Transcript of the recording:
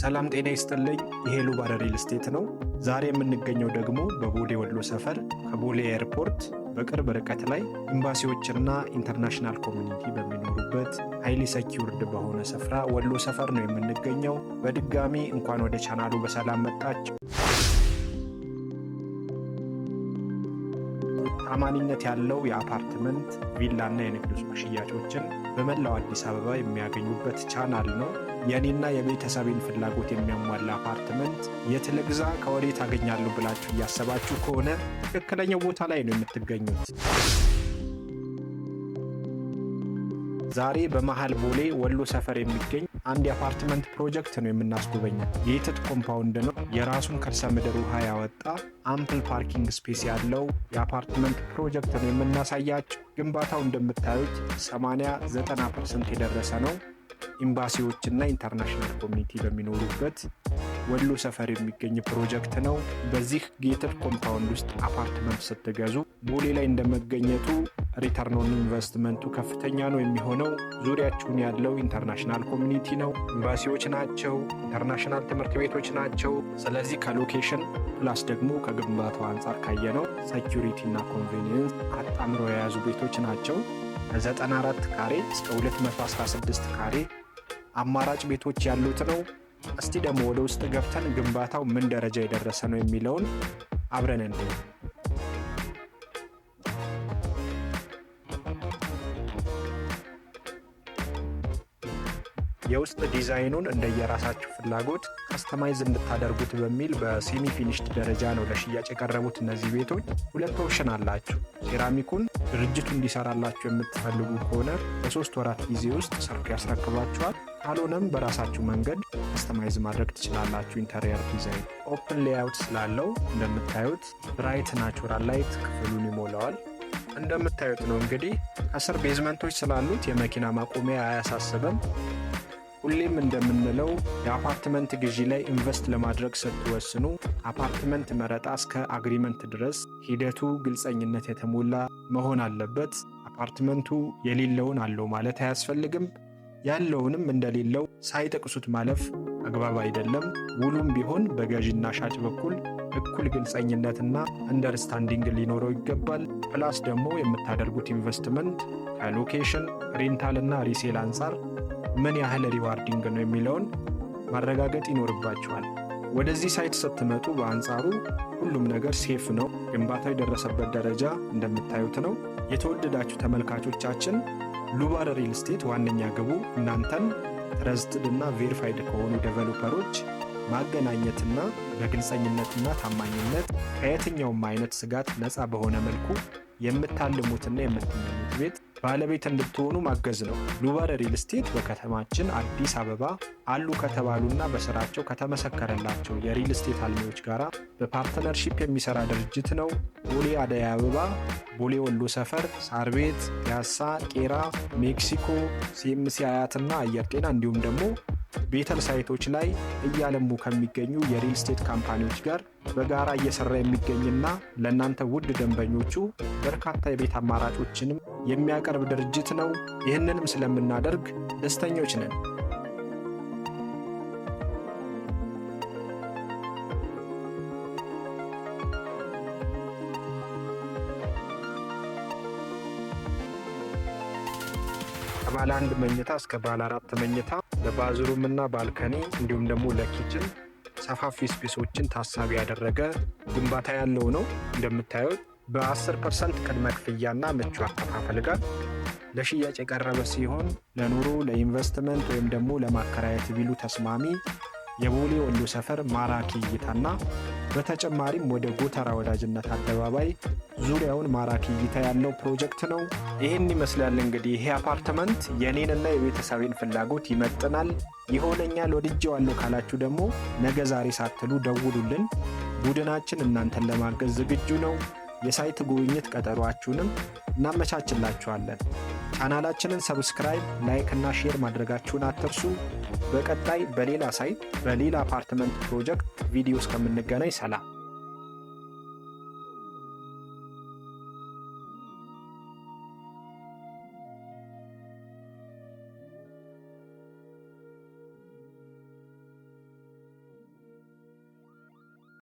ሰላም ጤና ይስጥልኝ። ይሄ ሉባራ ሪል ስቴት ነው። ዛሬ የምንገኘው ደግሞ በቦሌ ወሎ ሰፈር ከቦሌ ኤርፖርት በቅርብ ርቀት ላይ ኤምባሲዎችና ኢንተርናሽናል ኮሚኒቲ በሚኖሩበት ሀይሊ ሰኪውርድ በሆነ ስፍራ ወሎ ሰፈር ነው የምንገኘው። በድጋሚ እንኳን ወደ ቻናሉ በሰላም መጣችሁ። ተአማኒነት ያለው የአፓርትመንት ቪላና የንግድ ሱቅ ሽያጮችን በመላው አዲስ አበባ የሚያገኙበት ቻናል ነው። የእኔና የቤተሰቤን ፍላጎት የሚያሟላ አፓርትመንት የት ልግዛ፣ ከወዴት አገኛለሁ ብላችሁ እያሰባችሁ ከሆነ ትክክለኛው ቦታ ላይ ነው የምትገኙት። ዛሬ በመሀል ቦሌ ወሎ ሰፈር የሚገኝ አንድ የአፓርትመንት ፕሮጀክት ነው የምናስጎበኘው። ጌትድ ኮምፓውንድ ነው። የራሱን ከርሰ ምድር ውሃ ያወጣ አምፕል ፓርኪንግ ስፔስ ያለው የአፓርትመንት ፕሮጀክት ነው የምናሳያቸው። ግንባታው እንደምታዩት 80 90 ፐርሰንት የደረሰ ነው። ኤምባሲዎችና ኢንተርናሽናል ኮሚኒቲ በሚኖሩበት ወሎ ሰፈር የሚገኝ ፕሮጀክት ነው። በዚህ ጌትድ ኮምፓውንድ ውስጥ አፓርትመንት ስትገዙ ቦሌ ላይ እንደመገኘቱ ሪተርን ኦን ኢንቨስትመንቱ ከፍተኛ ነው የሚሆነው። ዙሪያችሁን ያለው ኢንተርናሽናል ኮሚኒቲ ነው፣ ኤምባሲዎች ናቸው፣ ኢንተርናሽናል ትምህርት ቤቶች ናቸው። ስለዚህ ከሎኬሽን ፕላስ ደግሞ ከግንባታው አንጻር ካየነው ሴኪሪቲ እና ኮንቬኒየንስ አጣምረው የያዙ ቤቶች ናቸው። ከ94 ካሬ እስከ 216 ካሬ አማራጭ ቤቶች ያሉት ነው። እስቲ ደግሞ ወደ ውስጥ ገብተን ግንባታው ምን ደረጃ የደረሰ ነው የሚለውን አብረን እንደ የውስጥ ዲዛይኑን እንደየራሳችሁ ፍላጎት ከስተማይዝ እንድታደርጉት በሚል በሴሚ ፊኒሽድ ደረጃ ነው ለሽያጭ የቀረቡት። እነዚህ ቤቶች ሁለት ኦፕሽን አላችሁ። ሴራሚኩን ድርጅቱ እንዲሰራላችሁ የምትፈልጉ ከሆነ በሶስት ወራት ጊዜ ውስጥ ሰርቶ ያስረክባችኋል። ካልሆነም በራሳችሁ መንገድ ከስተማይዝ ማድረግ ትችላላችሁ። ኢንተሪየር ዲዛይን ኦፕን ሌያውት ስላለው እንደምታዩት ብራይት ናቹራል ላይት ክፍሉን ይሞላዋል። እንደምታዩት ነው እንግዲህ ከስር ቤዝመንቶች ስላሉት የመኪና ማቆሚያ አያሳስብም። ሁሌም እንደምንለው የአፓርትመንት ግዢ ላይ ኢንቨስት ለማድረግ ስትወስኑ አፓርትመንት መረጣ እስከ አግሪመንት ድረስ ሂደቱ ግልጸኝነት የተሞላ መሆን አለበት። አፓርትመንቱ የሌለውን አለው ማለት አያስፈልግም፣ ያለውንም እንደሌለው ሳይጠቅሱት ማለፍ አግባብ አይደለም። ውሉም ቢሆን በገዢና ሻጭ በኩል እኩል ግልጸኝነትና አንደርስታንዲንግ ሊኖረው ይገባል። ፕላስ ደግሞ የምታደርጉት ኢንቨስትመንት ከሎኬሽን ሬንታልና ሪሴል አንጻር ምን ያህል ሪዋርዲንግ ነው የሚለውን ማረጋገጥ ይኖርባቸዋል። ወደዚህ ሳይት ስትመጡ በአንጻሩ ሁሉም ነገር ሴፍ ነው። ግንባታው የደረሰበት ደረጃ እንደምታዩት ነው። የተወደዳችሁ ተመልካቾቻችን ሉባር ሪል ስቴት ዋነኛ ግቡ እናንተን ትረስትድና ቬሪፋይድ ከሆኑ ዴቨሎፐሮች ማገናኘትና በግልጸኝነትና ታማኝነት ከየትኛውም አይነት ስጋት ነፃ በሆነ መልኩ የምታልሙትና የምትመኙት ቤት ባለቤት እንድትሆኑ ማገዝ ነው። ሉበር ሪል ስቴት በከተማችን አዲስ አበባ አሉ ከተባሉና በስራቸው ከተመሰከረላቸው የሪል ስቴት አልሚዎች ጋር በፓርትነርሺፕ የሚሰራ ድርጅት ነው። ቦሌ አደይ አበባ፣ ቦሌ ወሎ ሰፈር፣ ሳርቤት ያሳ ፒያሳ፣ ቄራ፣ ሜክሲኮ፣ ሲኤምሲ አያትና አየር ጤና እንዲሁም ደግሞ ቤተል ሳይቶች ላይ እያለሙ ከሚገኙ የሪል ስቴት ካምፓኒዎች ጋር በጋራ እየሰራ የሚገኝና ለእናንተ ውድ ደንበኞቹ በርካታ የቤት አማራጮችንም የሚያቀርብ ድርጅት ነው። ይህንንም ስለምናደርግ ደስተኞች ነን። ከባለ አንድ መኝታ እስከ ባለ አራት መኝታ ለባዝሩም እና ባልከኒ እንዲሁም ደግሞ ለኪችን ሰፋፊ ስፔሶችን ታሳቢ ያደረገ ግንባታ ያለው ነው። እንደምታዩት በ10 ፐርሰንት ቅድመ ክፍያና ምቹ አከፋፈል ጋር ለሽያጭ የቀረበ ሲሆን ለኑሮ ለኢንቨስትመንት ወይም ደግሞ ለማከራየት ቢሉ ተስማሚ የቦሌ ወሎ ሰፈር ማራኪ እይታና በተጨማሪም ወደ ጎተራ ወዳጅነት አደባባይ ዙሪያውን ማራኪ እይታ ያለው ፕሮጀክት ነው። ይህን ይመስላል እንግዲህ ይሄ አፓርትመንት የኔንና የቤተሰቤን ፍላጎት ይመጥናል፣ ይሆነኛል፣ ወድጄዋለሁ ካላችሁ ደግሞ ነገ ዛሬ ሳትሉ ደውሉልን። ቡድናችን እናንተን ለማገዝ ዝግጁ ነው። የሳይት ጉብኝት ቀጠሯችሁንም እናመቻችላችኋለን። ቻናላችንን ሰብስክራይብ፣ ላይክ እና ሼር ማድረጋችሁን አትርሱ። በቀጣይ በሌላ ሳይት በሌላ አፓርትመንት ፕሮጀክት ቪዲዮ እስከምንገናኝ ሰላም።